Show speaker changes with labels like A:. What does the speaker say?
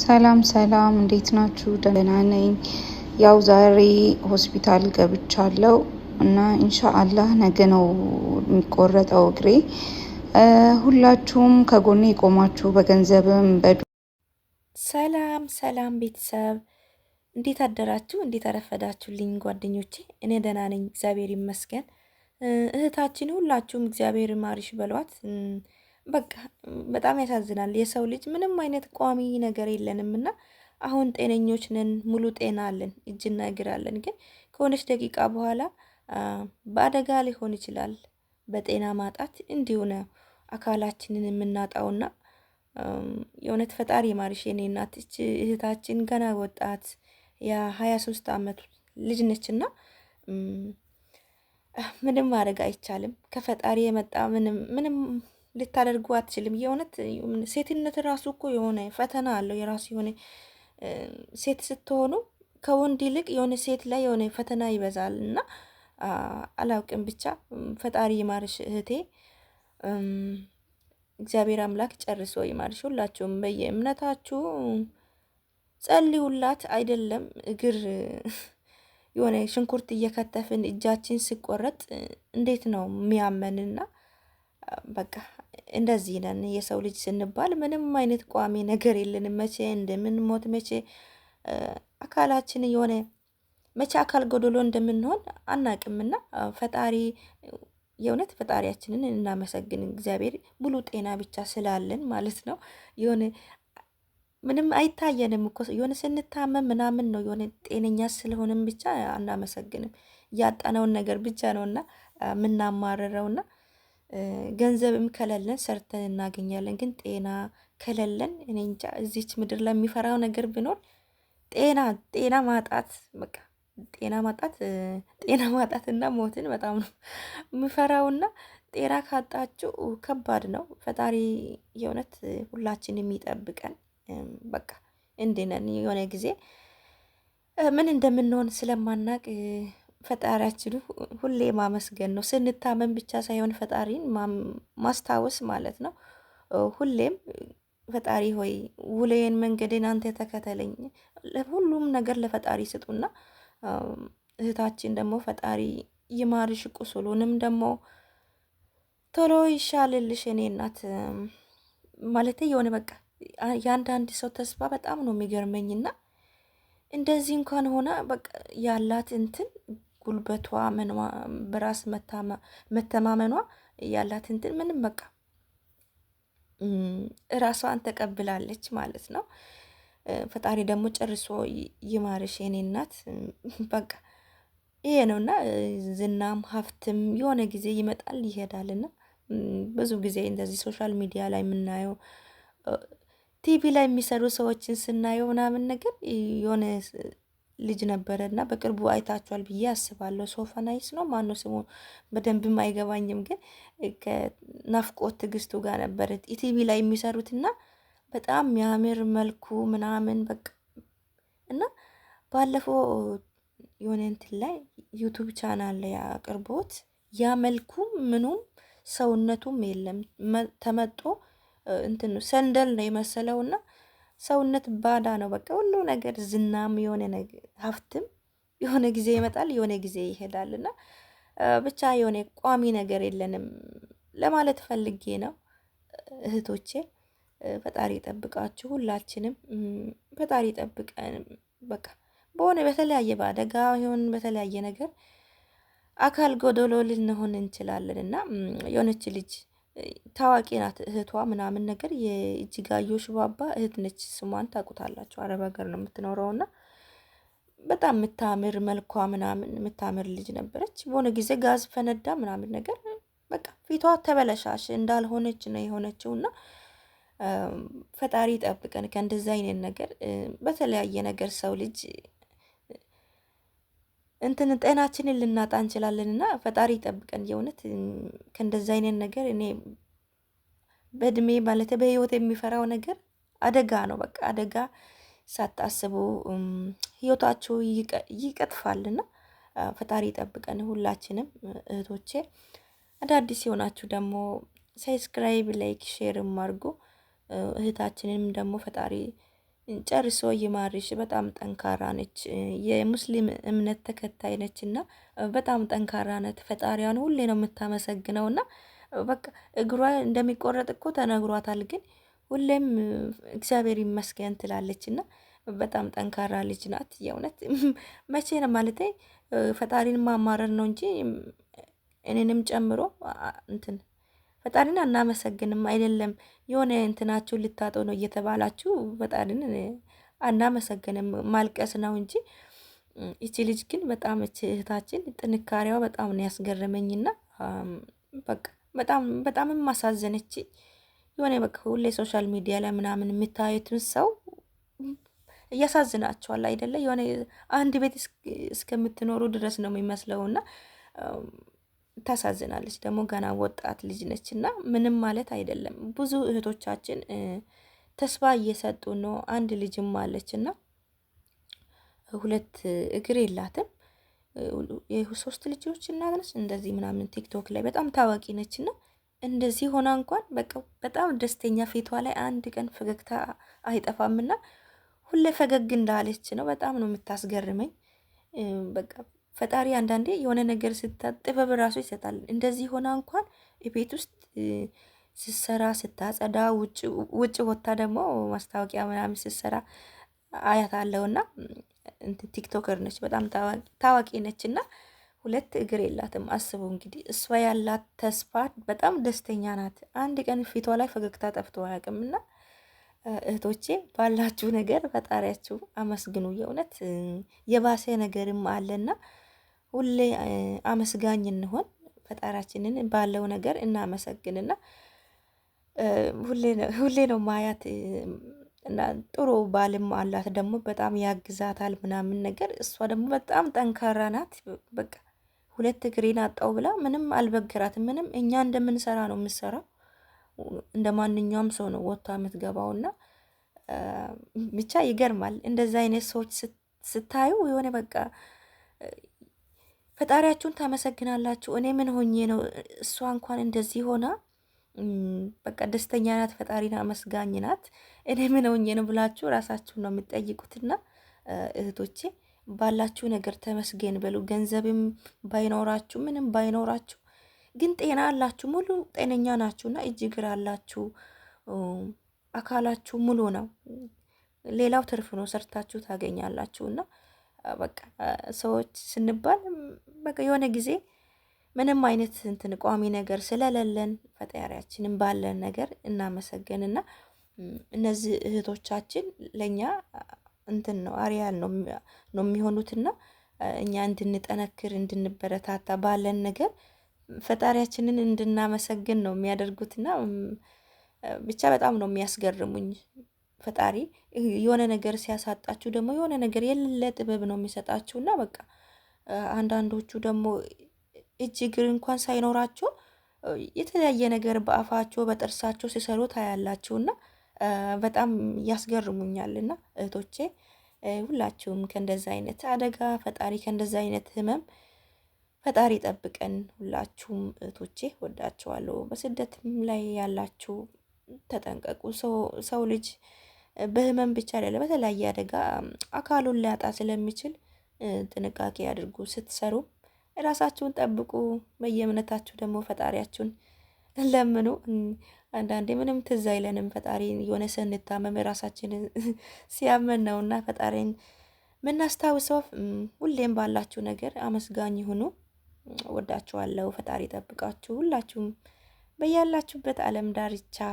A: ሰላም ሰላም፣ እንዴት ናችሁ? ደህና ነኝ። ያው ዛሬ ሆስፒታል ገብቻለሁ እና ኢንሻአላህ ነገ ነው የሚቆረጠው እግሬ። ሁላችሁም ከጎኔ የቆማችሁ በገንዘብም በዱ
B: ሰላም ሰላም ቤተሰብ እንዴት አደራችሁ? እንዴት አረፈዳችሁልኝ ጓደኞቼ? እኔ ደህና ነኝ፣ እግዚአብሔር ይመስገን። እህታችን ሁላችሁም እግዚአብሔር ማሪሽ በሏት። በቃ በጣም ያሳዝናል። የሰው ልጅ ምንም አይነት ቋሚ ነገር የለንም እና አሁን ጤነኞች ነን፣ ሙሉ ጤና አለን፣ እጅና እግር አለን። ግን ከሆነች ደቂቃ በኋላ በአደጋ ሊሆን ይችላል በጤና ማጣት እንዲሆነ አካላችንን የምናጣውና የእውነት ፈጣሪ ማርሽ የኔ እናት እህታችን ገና ወጣት የሀያ ሶስት አመቱ ልጅ ነችና ምንም ማድረግ አይቻልም። ከፈጣሪ የመጣ ምንም ልታደርጉ አትችልም። የእውነት ሴትነት ራሱ እኮ የሆነ ፈተና አለው። የራሱ የሆነ ሴት ስትሆኑ ከወንድ ይልቅ የሆነ ሴት ላይ የሆነ ፈተና ይበዛል እና አላውቅም ብቻ ፈጣሪ ይማርሽ እህቴ፣ እግዚአብሔር አምላክ ጨርሶ ይማርሽ። ሁላችሁም በየእምነታችሁ ጸልዩላት። አይደለም እግር የሆነ ሽንኩርት እየከተፍን እጃችን ሲቆረጥ እንዴት ነው የሚያመንና በቃ እንደዚህ ነን። የሰው ልጅ ስንባል ምንም አይነት ቋሚ ነገር የለንም። መቼ እንደምንሞት መቼ አካላችን የሆነ መቼ አካል ጎደሎ እንደምንሆን አናቅምና ፈጣሪ የእውነት ፈጣሪያችንን እናመሰግን። እግዚአብሔር ሙሉ ጤና ብቻ ስላለን ማለት ነው። የሆነ ምንም አይታየንም እኮ የሆነ ስንታመም ምናምን ነው የሆነ ጤነኛ ስለሆንም ብቻ አናመሰግንም። ያጣነውን ነገር ብቻ ነውና ምናማረረውና ገንዘብም ከለለን ሰርተን እናገኛለን። ግን ጤና ከለለን እኔ እንጃ እዚች ምድር ላይ የሚፈራው ነገር ቢኖር ጤና ጤና ማጣት በቃ ጤና ማጣት ጤና ማጣት እና ሞትን በጣም ነው የምፈራውና ጤና ካጣችሁ ከባድ ነው። ፈጣሪ የእውነት ሁላችን የሚጠብቀን በቃ እንዴነን የሆነ ጊዜ ምን እንደምንሆን ስለማናቅ ፈጣሪያችን ሁሌ ማመስገን ነው። ስንታመን ብቻ ሳይሆን ፈጣሪን ማስታወስ ማለት ነው። ሁሌም ፈጣሪ ሆይ ውሌን፣ መንገዴን አንተ ተከተለኝ። ሁሉም ነገር ለፈጣሪ ስጡና እህታችን ደግሞ ፈጣሪ ይማርሽ፣ ቁስሉንም ደግሞ ቶሎ ይሻልልሽ እኔ እናት። ማለት የሆነ በቃ የአንዳንድ ሰው ተስፋ በጣም ነው የሚገርመኝና እንደዚህ እንኳን ሆና በቃ ያላት እንትን ጉልበቷ ምንዋ በራስ መተማመኗ ያላት እንትን ምንም በቃ ራሷን ተቀብላለች ማለት ነው። ፈጣሪ ደግሞ ጨርሶ ይማርሽ የኔ እናት። በቃ ይሄ ነው እና ዝናም ሀብትም የሆነ ጊዜ ይመጣል ይሄዳልና ብዙ ጊዜ እንደዚህ ሶሻል ሚዲያ ላይ የምናየው ቲቪ ላይ የሚሰሩ ሰዎችን ስናየው ምናምን ነገር የሆነ ልጅ ነበረ እና በቅርቡ አይታችኋል ብዬ አስባለሁ። ሶፎናይስ ነው ማነው ስሙ በደንብም አይገባኝም፣ ግን ከናፍቆት ትግስቱ ጋር ነበረ ኢቲቪ ላይ የሚሰሩት እና በጣም የሚያምር መልኩ ምናምን በቃ እና ባለፈው የሆነ እንትን ላይ ዩቱብ ቻናል ላይ አቅርቦት ያ መልኩ ምኑም ሰውነቱም የለም ተመጦ እንትን ሰንደል ነው የመሰለውና ሰውነት ባዳ ነው። በቃ ሁሉ ነገር ዝናም የሆነ ሀብትም የሆነ ጊዜ ይመጣል፣ የሆነ ጊዜ ይሄዳል እና ብቻ የሆነ ቋሚ ነገር የለንም ለማለት ፈልጌ ነው እህቶቼ። ፈጣሪ ጠብቃችሁ፣ ሁላችንም ፈጣሪ ጠብቀን። በቃ በሆነ በተለያየ በአደጋ ይሁን በተለያየ ነገር አካል ጎደሎ ልንሆን እንችላለን እና የሆነች ልጅ ታዋቂ ናት እህቷ ምናምን ነገር የእጅጋየሁ ሽባባ እህት ነች። ስሟን ታውቁታላችሁ። አረብ ሀገር ነው የምትኖረው እና በጣም የምታምር መልኳ ምናምን የምታምር ልጅ ነበረች። በሆነ ጊዜ ጋዝ ፈነዳ ምናምን ነገር በቃ ፊቷ ተበለሻሽ እንዳልሆነች ነው የሆነችው እና ፈጣሪ ጠብቀን ከእንደዚ አይነት ነገር በተለያየ ነገር ሰው ልጅ እንትን ጤናችንን ልናጣ እንችላለን እና ፈጣሪ ይጠብቀን። የእውነት ከእንደዚ አይነት ነገር እኔ በእድሜ ማለት በህይወት የሚፈራው ነገር አደጋ ነው። በቃ አደጋ ሳታስቡ ህይወታችሁ ይቀጥፋል። ይቀጥፋልና ፈጣሪ ይጠብቀን ሁላችንም። እህቶቼ አዳዲስ የሆናችሁ ደግሞ ሰብስክራይብ፣ ላይክ፣ ሼርም አድርጉ። እህታችንንም ደግሞ ፈጣሪ ጨርሶ ይማርሽ። በጣም ጠንካራ ነች። የሙስሊም እምነት ተከታይ ነች እና በጣም ጠንካራ ነት። ፈጣሪዋን ሁሌ ነው የምታመሰግነው እና በቃ እግሯ እንደሚቆረጥ እኮ ተነግሯታል፣ ግን ሁሌም እግዚአብሔር ይመስገን ትላለች እና በጣም ጠንካራ ልጅ ናት። የእውነት መቼ ነው ማለት ፈጣሪን ማማረር ነው እንጂ እኔንም ጨምሮ እንትን ፈጣሪን አናመሰግንም አይደለም የሆነ እንትናችሁን ልታጠው ነው እየተባላችሁ ፈጣሪን አናመሰግንም ማልቀስ ነው እንጂ እቺ ልጅ ግን በጣም እቺ እህታችን ጥንካሬዋ በጣም ነው ያስገረመኝና በቃ በጣም በጣም ማሳዘነች። የሆነ በቃ ሁሌ ሶሻል ሚዲያ ላይ ምናምን የምታዩትን ሰው እያሳዝናቸዋል አይደለ? የሆነ አንድ ቤት እስከምትኖሩ ድረስ ነው የሚመስለውና ታሳዝናለች። ደግሞ ገና ወጣት ልጅ ነች እና ምንም ማለት አይደለም። ብዙ እህቶቻችን ተስፋ እየሰጡ ነው። አንድ ልጅም አለች እና ሁለት እግር የላትም ሶስት ልጆች እናት ነች። እንደዚህ ምናምን ቲክቶክ ላይ በጣም ታዋቂ ነች እና እንደዚህ ሆና እንኳን በቃ በጣም ደስተኛ ፊቷ ላይ አንድ ቀን ፈገግታ አይጠፋምና ሁሌ ፈገግ እንዳለች ነው። በጣም ነው የምታስገርመኝ በቃ ፈጣሪ አንዳንዴ የሆነ ነገር ስታጥበብ ራሱ ይሰጣል። እንደዚህ ሆና እንኳን ቤት ውስጥ ስትሰራ ስታጸዳ፣ ውጭ ቦታ ደግሞ ማስታወቂያ ምናምን ስሰራ አያት አለውና ቲክቶከር ነች፣ በጣም ታዋቂ ነች እና ሁለት እግር የላትም። አስቡ እንግዲህ እሷ ያላት ተስፋ በጣም ደስተኛ ናት። አንድ ቀን ፊቷ ላይ ፈገግታ ጠፍቶ አያውቅም። እና እህቶቼ ባላችሁ ነገር ፈጣሪያችሁ አመስግኑ። የእውነት የባሰ ነገርም አለና ሁሌ አመስጋኝ እንሆን። ፈጣራችንን ባለው ነገር እናመሰግንና ሁሌ ነው ማያት እና ጥሩ ባልም አላት ደግሞ በጣም ያግዛታል ምናምን ነገር። እሷ ደግሞ በጣም ጠንካራ ናት። በቃ ሁለት እግሬን አጣው ብላ ምንም አልበግራት ምንም እኛ እንደምንሰራ ነው የምትሰራው። እንደ ማንኛውም ሰው ነው ወጥታ እና ብቻ ይገርማል። እንደዛ አይነት ሰዎች ስታዩ የሆነ በቃ ፈጣሪያችሁን ታመሰግናላችሁ። እኔ ምን ሆኜ ነው? እሷ እንኳን እንደዚህ ሆና በቃ ደስተኛ ናት፣ ፈጣሪን አመስጋኝ ናት። እኔ ምን ሆኜ ነው ብላችሁ ራሳችሁን ነው የምጠይቁትና እህቶቼ ባላችሁ ነገር ተመስገን በሉ። ገንዘብም ባይኖራችሁ ምንም ባይኖራችሁ ግን ጤና አላችሁ፣ ሙሉ ጤነኛ ናችሁና እጅ እግር አላችሁ፣ አካላችሁ ሙሉ ነው። ሌላው ትርፍ ነው፣ ሰርታችሁ ታገኛላችሁና በቃ ሰዎች ስንባል በቃ የሆነ ጊዜ ምንም አይነት እንትን ቋሚ ነገር ስለሌለን ፈጣሪያችንን ባለን ነገር እናመሰገን እና እነዚህ እህቶቻችን ለእኛ እንትን ነው አሪያል ነው የሚሆኑትና እኛ እንድንጠነክር እንድንበረታታ ባለን ነገር ፈጣሪያችንን እንድናመሰግን ነው የሚያደርጉትና ብቻ በጣም ነው የሚያስገርሙኝ። ፈጣሪ የሆነ ነገር ሲያሳጣችሁ ደግሞ የሆነ ነገር የሌለ ጥበብ ነው የሚሰጣችሁ እና በቃ አንዳንዶቹ ደግሞ እጅ እግር እንኳን ሳይኖራቸው የተለያየ ነገር በአፋቸው በጥርሳቸው ሲሰሩ ታያላችሁ እና በጣም ያስገርሙኛል። እና እህቶቼ ሁላችሁም ከእንደዚ አይነት አደጋ ፈጣሪ ከእንደዚ አይነት ህመም ፈጣሪ ጠብቀን። ሁላችሁም እህቶቼ ወዳችኋለሁ። በስደትም ላይ ያላችሁ ተጠንቀቁ። ሰው ልጅ በህመም ብቻ አይደለም፣ በተለያየ አደጋ አካሉን ሊያጣ ስለሚችል ጥንቃቄ አድርጉ። ስትሰሩ ራሳችሁን ጠብቁ። በየእምነታችሁ ደግሞ ፈጣሪያችሁን ለምኑ። አንዳንዴ ምንም ትዝ አይለንም ፈጣሪ የሆነ ስንታመም ራሳችንን ሲያመን እና ፈጣሪን ምናስታውሰው። ሁሌም ባላችሁ ነገር አመስጋኝ ሁኑ። ወዳችኋለሁ። ፈጣሪ ጠብቃችሁ ሁላችሁም በያላችሁበት ዓለም ዳርቻ